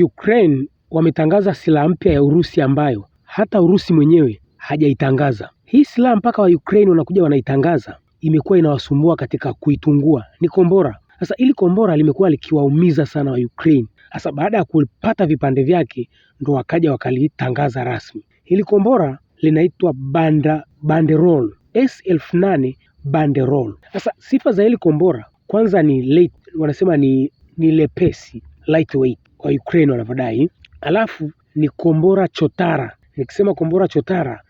Ukraine wametangaza silaha mpya ya Urusi ambayo hata Urusi mwenyewe hajaitangaza. Hii silaha mpaka wa Ukraine wanakuja wanaitangaza, imekuwa inawasumbua katika kuitungua. Ni kombora. Sasa ili kombora limekuwa likiwaumiza sana wa Ukraine. Sasa baada ya kupata vipande vyake ndo wakaja wakalitangaza rasmi. Hili kombora linaitwa Banda Banderol S elfu nane Banderol. Sasa sifa za hili kombora kwanza ni late, wanasema ni ni lepesi lightweight wa Ukraine wanavyodai. Alafu ni kombora chotara. Nikisema kombora chotara,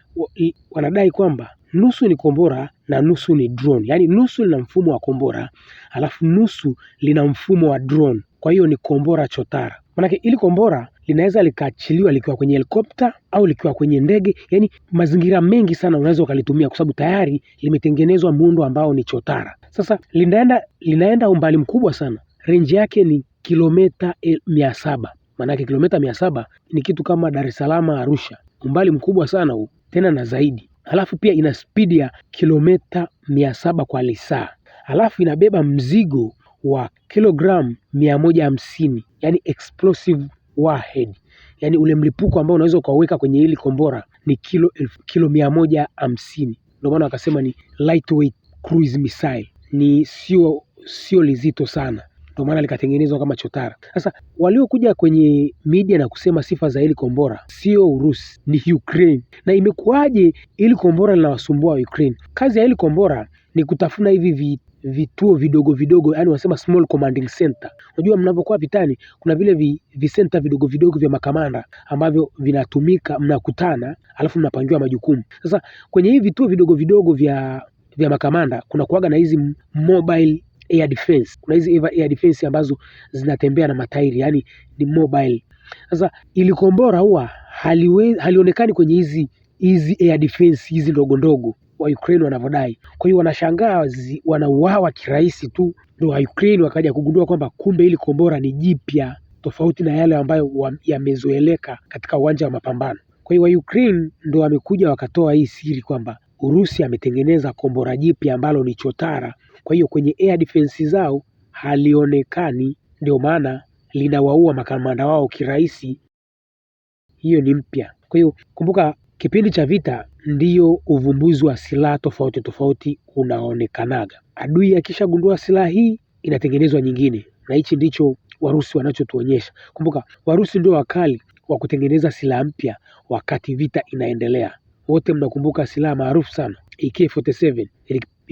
wanadai kwamba nusu ni kombora na nusu ni drone, yaani nusu lina mfumo wa kombora alafu nusu lina mfumo wa drone. Kwa hiyo ni kombora chotara, manake ili kombora linaweza likaachiliwa likiwa kwenye helikopta au likiwa kwenye ndege, yaani mazingira mengi sana unaweza ukalitumia, kwa sababu tayari limetengenezwa muundo ambao ni chotara. Sasa linaenda linaenda umbali mkubwa sana, range yake ni kilomita eh, mia saba maanake kilomita mia saba ni kitu kama Dar es Salaam Arusha, umbali mkubwa sana huu, tena na zaidi. Halafu pia ina spidi ya kilomita mia saba kwa lisaa, halafu inabeba mzigo wa kilogramu mia moja hamsini yani explosive warhead, yani ule mlipuko ambao unaweza ukaweka kwenye hili kombora ni kilo elf, kilo mia moja hamsini. Ndio maana wakasema ni lightweight cruise missile, ni sio sio lizito sana ndio maana likatengenezwa kama chotara. Sasa waliokuja kwenye media na kusema sifa za hili kombora sio Urusi, ni Ukraine. Na imekuwaje hili kombora linawasumbua Ukraine? Kazi ya hili kombora ni kutafuna hivi vituo vidogo vidogo, yani wanasema small commanding center. Unajua, mnapokuwa vitani kuna vile vi, vi center vidogo vidogo vya makamanda ambavyo vinatumika, mnakutana alafu mnapangiwa majukumu. Sasa kwenye hivi vituo vidogo vidogo vya vya makamanda kuna kuaga na hizi mobile air defense. Kuna hizi air defense ambazo zinatembea na matairi, yani ni mobile. Sasa ilikombora huwa haliwe, halionekani kwenye hizi hizi air defense hizi ndogo ndogo wa Ukraine wanavyodai. Kwa hiyo wanashangaa wanauawa kirahisi tu, ndio wa Ukraine wakaja kugundua kwamba kumbe hili kombora ni jipya tofauti na yale ambayo yamezoeleka katika uwanja wa mapambano. Kwa hiyo wa Ukraine ndio wamekuja wakatoa hii siri kwamba Urusi ametengeneza kombora jipya ambalo ni chotara kwa hiyo kwenye air defense zao halionekani ndio maana linawaua makamanda wao kirahisi. Hiyo ni mpya. Kwa hiyo kumbuka, kipindi cha vita ndiyo uvumbuzi wa silaha tofauti tofauti unaonekanaga. Adui akishagundua silaha hii inatengenezwa nyingine, na hichi ndicho Warusi wanachotuonyesha. Kumbuka, Warusi ndio wakali wa kutengeneza silaha mpya wakati vita inaendelea. Wote mnakumbuka silaha maarufu sana AK47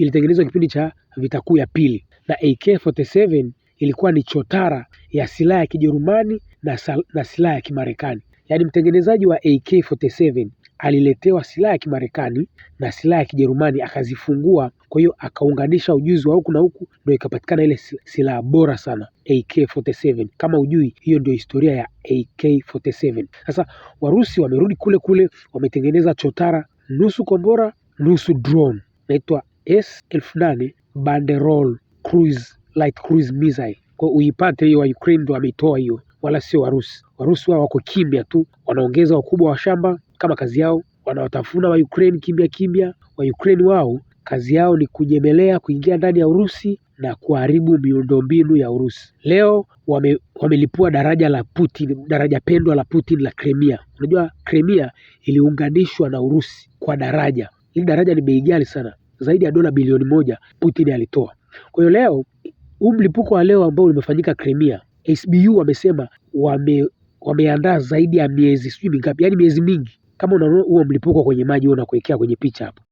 ilitengenezwa kipindi cha vita kuu ya pili, na AK47 ilikuwa ni chotara ya silaha ya Kijerumani na, na silaha ya Kimarekani. Yaani mtengenezaji wa AK47 aliletewa silaha ya Kimarekani na silaha ya Kijerumani akazifungua. Kwa hiyo akaunganisha ujuzi wa huku na huku, ndio ikapatikana ile silaha bora sana AK47. Kama ujui, hiyo ndio historia ya AK47. Sasa Warusi wamerudi kule kule, wametengeneza chotara nusu kombora nusu drone, naitwa S elfu nane Banderol Cruise light cruise missile. Kwa uipate hiyo, wa Ukraine ndio wameitoa hiyo, wala sio Warusi. Warusi wao wako kimya tu, wanaongeza wakubwa wa shamba kama kazi yao, wanawatafuna wa Ukraine kimya kimya. Wa Ukraine wao kazi yao ni kunyemelea, kuingia ndani ya Urusi na kuharibu miundombinu ya Urusi. Leo wame, wamelipua daraja la Putin, daraja pendwa la Putin la Crimea. Unajua Crimea iliunganishwa na Urusi kwa daraja. Hili daraja ni bei ghali sana zaidi ya dola bilioni moja Putin alitoa. Kwa hiyo leo huu mlipuko wa leo ambao umefanyika Crimea, SBU wamesema wame, wameandaa zaidi ya miezi sijui mingapi, yaani miezi mingi. Kama unaona huo mlipuko kwenye maji huo unakuwekea kwenye picha hapo,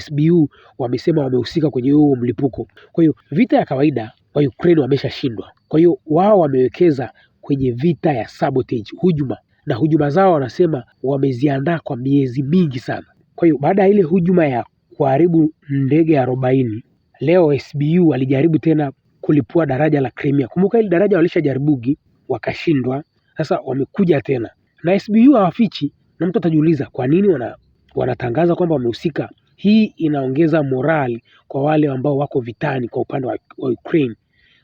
SBU wamesema wamehusika kwenye huo mlipuko. Kwa hiyo vita ya kawaida wa Ukraine wameshashindwa, kwa hiyo wao wamewekeza kwenye vita ya sabotage, hujuma na hujuma zao wanasema wameziandaa kwa miezi mingi sana. Kwa hiyo baada ya ile hujuma ya kuharibu ndege arobaini. Leo SBU walijaribu tena kulipua daraja la Crimea. Kumbuka hili daraja walishajaribugi wakashindwa, sasa wamekuja tena na SBU hawafichi, na mtu atajiuliza kwa nini wana, wanatangaza kwamba wamehusika. Hii inaongeza morali kwa wale ambao wako vitani kwa upande wa, wa Ukraine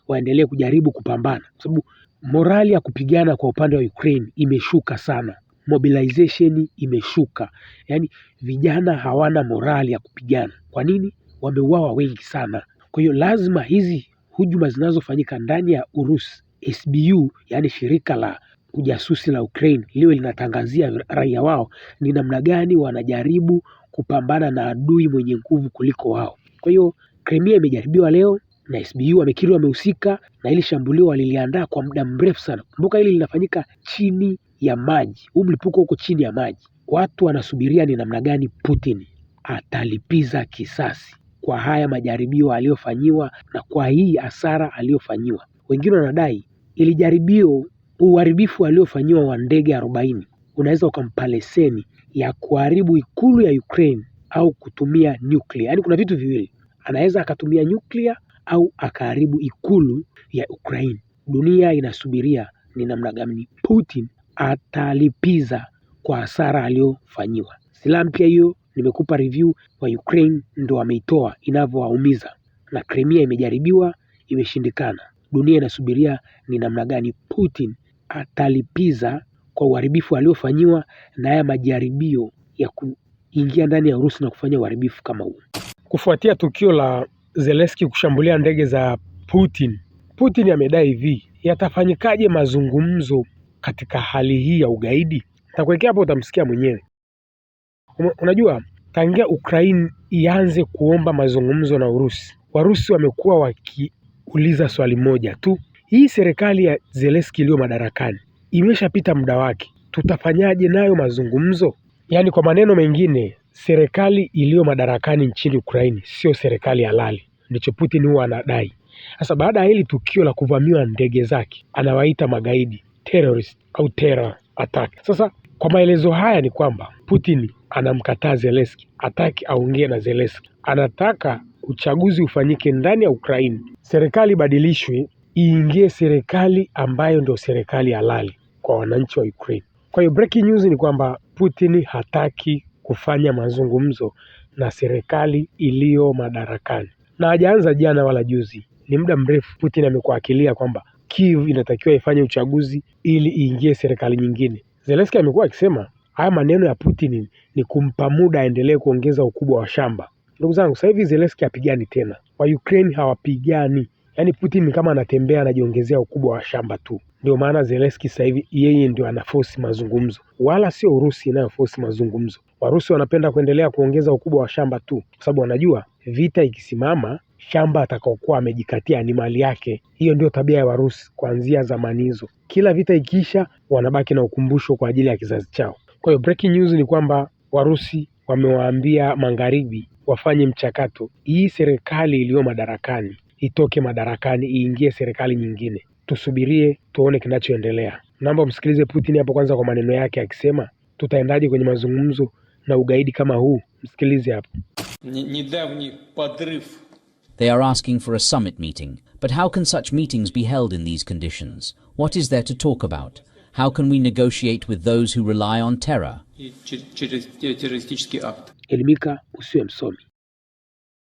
waendelee kujaribu kupambana, kwa sababu morali ya kupigana kwa upande wa Ukraine imeshuka sana mobilization imeshuka. Yaani vijana hawana morali ya kupigana. Kwa nini? Wameuawa wengi sana. Kwa hiyo lazima hizi hujuma zinazofanyika ndani ya Urusi SBU yaani shirika la ujasusi la Ukraine liwe linatangazia raia wao ni namna gani wanajaribu kupambana na adui mwenye nguvu kuliko wao. Kwa hiyo Crimea imejaribiwa leo na SBU wamekiri wamehusika na ili shambulio waliliandaa kwa muda mrefu sana. Kumbuka hili linafanyika chini ya maji, huu mlipuko uko chini ya maji. Watu wanasubiria ni namna gani Putin atalipiza kisasi kwa haya majaribio aliyofanyiwa na kwa hii hasara aliyofanyiwa. Wengine wanadai ili jaribio, uharibifu aliofanyiwa wa ndege arobaini unaweza ukampaleseni ya kuharibu ikulu ya Ukraine au kutumia nuclear. Yaani kuna vitu viwili, anaweza akatumia nuclear au akaharibu ikulu ya Ukraine. Dunia inasubiria ni namna gani Putin atalipiza kwa hasara aliyofanyiwa. Silaha mpya hiyo nimekupa review wa Ukraine ndo ameitoa inavyowaumiza na Crimea imejaribiwa imeshindikana. Dunia inasubiria ni namna gani Putin atalipiza kwa uharibifu aliofanyiwa na haya majaribio ya kuingia ndani ya Urusi na kufanya uharibifu kama huu. Kufuatia tukio la Zelensky kushambulia ndege za Putin, Putin amedai hivi, yatafanyikaje mazungumzo katika hali hii ya ugaidi? Takuwekea hapo, utamsikia mwenyewe. Unajua, tangia Ukraine ianze kuomba mazungumzo na Urusi, Warusi wamekuwa wakiuliza swali moja tu, hii serikali ya Zelensky iliyo madarakani imeshapita muda wake, tutafanyaje nayo mazungumzo? Yaani kwa maneno mengine, serikali iliyo madarakani nchini Ukraine sio serikali halali, ndicho Putin huwa anadai. Sasa baada ya hili tukio la kuvamiwa ndege zake, anawaita magaidi terrorist au terror attack. Sasa kwa maelezo haya ni kwamba Putin anamkataa Zelensky, ataki aongee na Zelensky, anataka uchaguzi ufanyike ndani ya Ukraini, serikali ibadilishwe, iingie serikali ambayo ndio serikali halali kwa wananchi wa Ukraine. Kwa hiyo breaking news ni kwamba Putin hataki kufanya mazungumzo na serikali iliyo madarakani, na hajaanza jana wala juzi, ni muda mrefu Putin amekuwa akilia kwamba Kiev inatakiwa ifanye uchaguzi ili iingie serikali nyingine. Zelensky amekuwa akisema haya maneno ya Putin ni kumpa muda aendelee kuongeza ukubwa wa shamba. Ndugu zangu, sasa hivi Zelensky hapigani tena, wa Ukraine hawapigani. Yaani Putin kama anatembea anajiongezea ukubwa wa shamba tu. Ndio maana Zelensky sasa hivi yeye ndio anaforce mazungumzo, wala sio Urusi inayoforce mazungumzo. Warusi wanapenda kuendelea kuongeza ukubwa wa shamba tu, kwa sababu wanajua vita ikisimama shamba atakaokuwa amejikatia ni mali yake. Hiyo ndio tabia ya Warusi kuanzia zamani hizo. Kila vita ikiisha, wanabaki na ukumbusho kwa ajili ya kizazi chao. Kwa hiyo breaking news ni kwamba Warusi wamewaambia magharibi wafanye mchakato, hii serikali iliyo madarakani itoke madarakani, iingie serikali nyingine. Tusubirie tuone kinachoendelea. Naomba msikilize Putin hapo kwanza, kwa maneno yake akisema, tutaendaje kwenye mazungumzo na ugaidi kama huu? Msikilize hapo. Недавний подрыв They are asking for a summit meeting. But how can such meetings be held in these conditions? What is there to talk about? How can we negotiate with those who rely on terror?